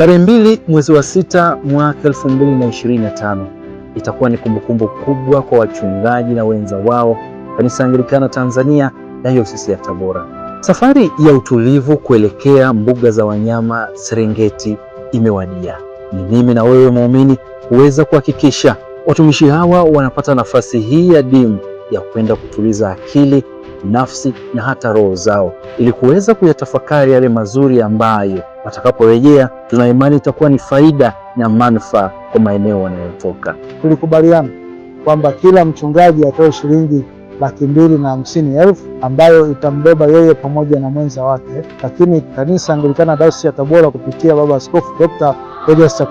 Tarehe mbili mwezi wa sita mwaka tano itakuwa ni kumbukumbu kubwa kwa wachungaji na wenza wao Kanisa Anglikana Tanzania Dayosisi ya Tabora. Safari ya utulivu kuelekea mbuga za wanyama Serengeti imewadia. Ni mimi na wewe muumini huweza kuhakikisha watumishi hawa wanapata nafasi hii ya dimu ya kwenda kutuliza akili nafsi na hata roho zao, ili kuweza kuyatafakari yale mazuri ambayo watakaporejea, tuna imani itakuwa ni faida na manufaa kwa maeneo wanayotoka. Tulikubaliana kwamba kila mchungaji atoe shilingi laki mbili na hamsini elfu ambayo itambeba yeye pamoja na mwenza wake. Lakini kanisa Anglikana Dayosisi ya Tabora kupitia Baba Askofu d Julius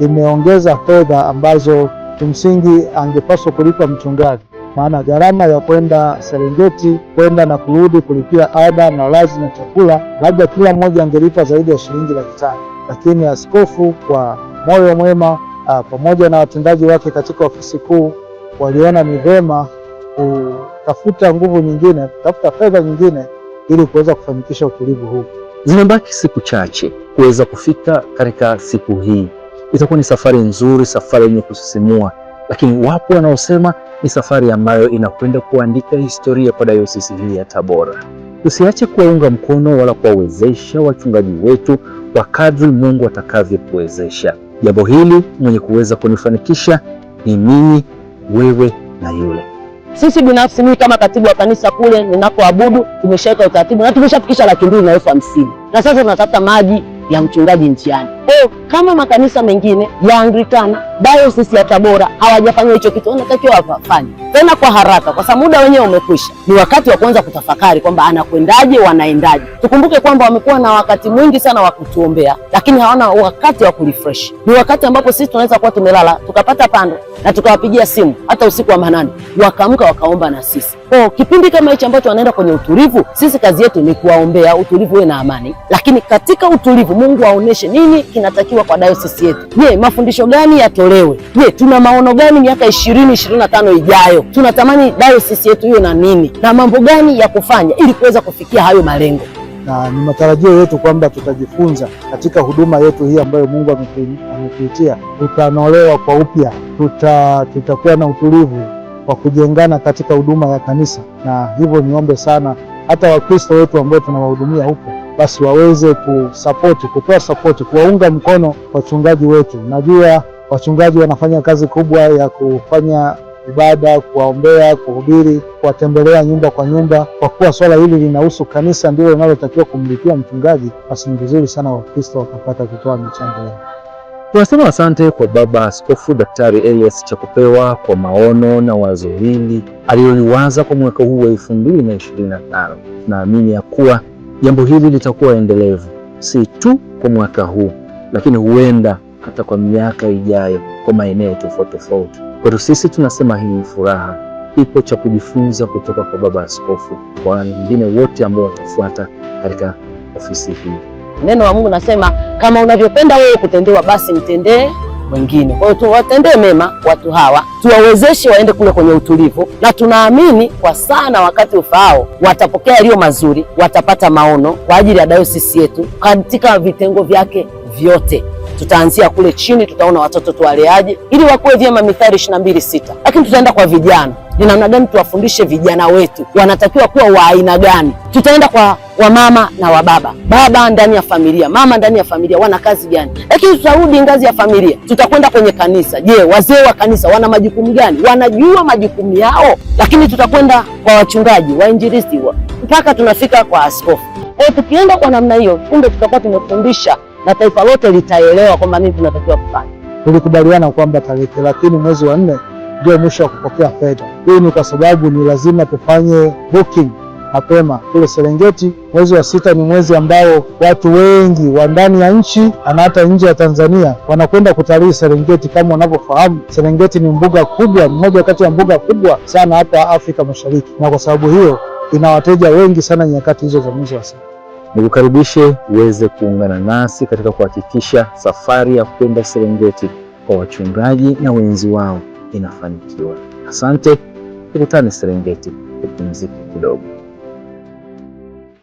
imeongeza fedha ambazo kimsingi angepaswa kulipa mchungaji maana gharama ya kwenda Serengeti kwenda na kurudi kulipia ada na lazi na chakula, labda kila mmoja angelipa zaidi ya shilingi laki tano, lakini askofu kwa moyo mwema ah, pamoja na watendaji wake katika ofisi kuu waliona ni vema kutafuta nguvu nyingine, kutafuta fedha nyingine ili kuweza kufanikisha utulivu huu. Zinabaki siku chache kuweza kufika katika siku hii. Itakuwa ni safari nzuri, safari yenye kusisimua lakini wapo wanaosema ni safari ambayo inakwenda kuandika historia kwa dayosisi hii ya Tabora. Tusiache kuwaunga mkono wala kuwawezesha wachungaji wetu kwa kadri Mungu atakavyokuwezesha. Jambo hili mwenye kuweza kunifanikisha ni mimi, wewe na yule sisi binafsi, mimi kama katibu wa kanisa kule ninakoabudu, tumeshaweka utaratibu na tumeshafikisha laki mbili na elfu hamsini na sasa tunatafuta maji ya mchungaji njiani. Kwa eh, hiyo kama makanisa mengine ya Anglikana, Dayosisi ya Tabora hawajafanya hicho kitu, wanatakiwa wafanye tena kwa haraka, kwa sababu muda wenyewe umekwisha. Ni wakati wa kuanza kutafakari kwamba anakwendaje, wanaendaje. Tukumbuke kwamba wamekuwa na wakati mwingi sana wa kutuombea, lakini hawana wakati wa kurefresh. Ni wakati ambapo sisi tunaweza kuwa tumelala tukapata pando na tukawapigia simu hata usiku wa manane, wakaamka wakaomba na sisi. Kwa oh, kipindi kama hichi ambacho wanaenda kwenye utulivu, sisi kazi yetu ni kuwaombea utulivu, uwe na amani, lakini katika utulivu Mungu aoneshe nini kinatakiwa kwa dayosisi yetu. Je, mafundisho gani yatolewe? Je, tuna maono gani miaka ishirini ishirini na tano ijayo? Tunatamani dayosisi yetu hiyo na nini na mambo gani ya kufanya ili kuweza kufikia hayo malengo na ni matarajio yetu kwamba tutajifunza katika huduma yetu hii ambayo Mungu ametuitia, tutanolewa kwa upya, tuta tutakuwa na utulivu wa kujengana katika huduma ya kanisa, na hivyo niombe sana hata Wakristo wetu ambao tunawahudumia huko basi waweze kusapoti, kutoa sapoti, kuwaunga mkono wachungaji wetu. Najua wachungaji wanafanya kazi kubwa ya kufanya ibada, kuwaombea, kuhubiri, kuwatembelea nyumba kwa nyumba. Kwa kuwa swala hili linahusu kanisa, ndilo linalotakiwa kumlipia mchungaji, basi ni vizuri sana Wakristo wakapata kutoa michango yao. Tunasema asante kwa Baba Askofu Daktari Elias Chakupewa kwa maono na wazo hili aliyoliwaza kwa mwaka huu wa tano. Naamini ya kuwa Jambo hili litakuwa endelevu, si tu kwa mwaka huu, lakini huenda hata kwa miaka ijayo kwa maeneo tofauti tofauti. Kwetu sisi tunasema hii furaha ipo cha kujifunza kutoka kwa Baba Askofu, kwa wengine wote ambao watafuata katika ofisi hii. Neno la Mungu nasema kama unavyopenda wewe kutendewa, basi mtendee wengine. Kwa hiyo tuwatendee mema watu hawa, tuwawezeshe waende kule kwenye utulivu, na tunaamini kwa sana wakati ufaao watapokea yaliyo mazuri, watapata maono kwa ajili ya dayosisi yetu katika vitengo vyake vyote. Tutaanzia kule chini, tutaona watoto tuwaleaje ili wakuwe vyema, Mithali 22:6 lakini tutaenda kwa vijana ni namna gani tuwafundishe vijana wetu wanatakiwa kuwa wa aina gani. Tutaenda kwa wamama na wababa, baba ndani ya familia, mama ndani ya familia, wana kazi gani? Lakini tutarudi ngazi ya familia, tutakwenda kwenye kanisa. Je, wazee wa kanisa wana majukumu gani? Wanajua majukumu yao? Lakini tutakwenda kwa wachungaji, wainjilisti, mpaka tunafika kwa askofu. E, tukienda kwa namna hiyo, kumbe tutakuwa tumefundisha na taifa lote litaelewa kwamba nini tunatakiwa kufanya. Tulikubaliana kwamba tarehe thelathini mwezi wa nne ndio mwisho wa kupokea fedha. Hii ni kwa sababu ni lazima tufanye booking mapema kule Serengeti. Mwezi wa sita ni mwezi ambao watu wengi wa ndani ya nchi na hata nje ya Tanzania wanakwenda kutalii Serengeti. Kama unavyofahamu, Serengeti ni mbuga kubwa, mmoja kati ya mbuga kubwa sana hapa Afrika Mashariki, na kwa sababu hiyo ina wateja wengi sana nyakati hizo za mwezi wa sita. Nikukaribishe uweze kuungana nasi katika kuhakikisha safari ya kwenda Serengeti kwa wachungaji na wenzi wao inafanikiwa. Asante, tukutane Serengeti, tupumzike kidogo.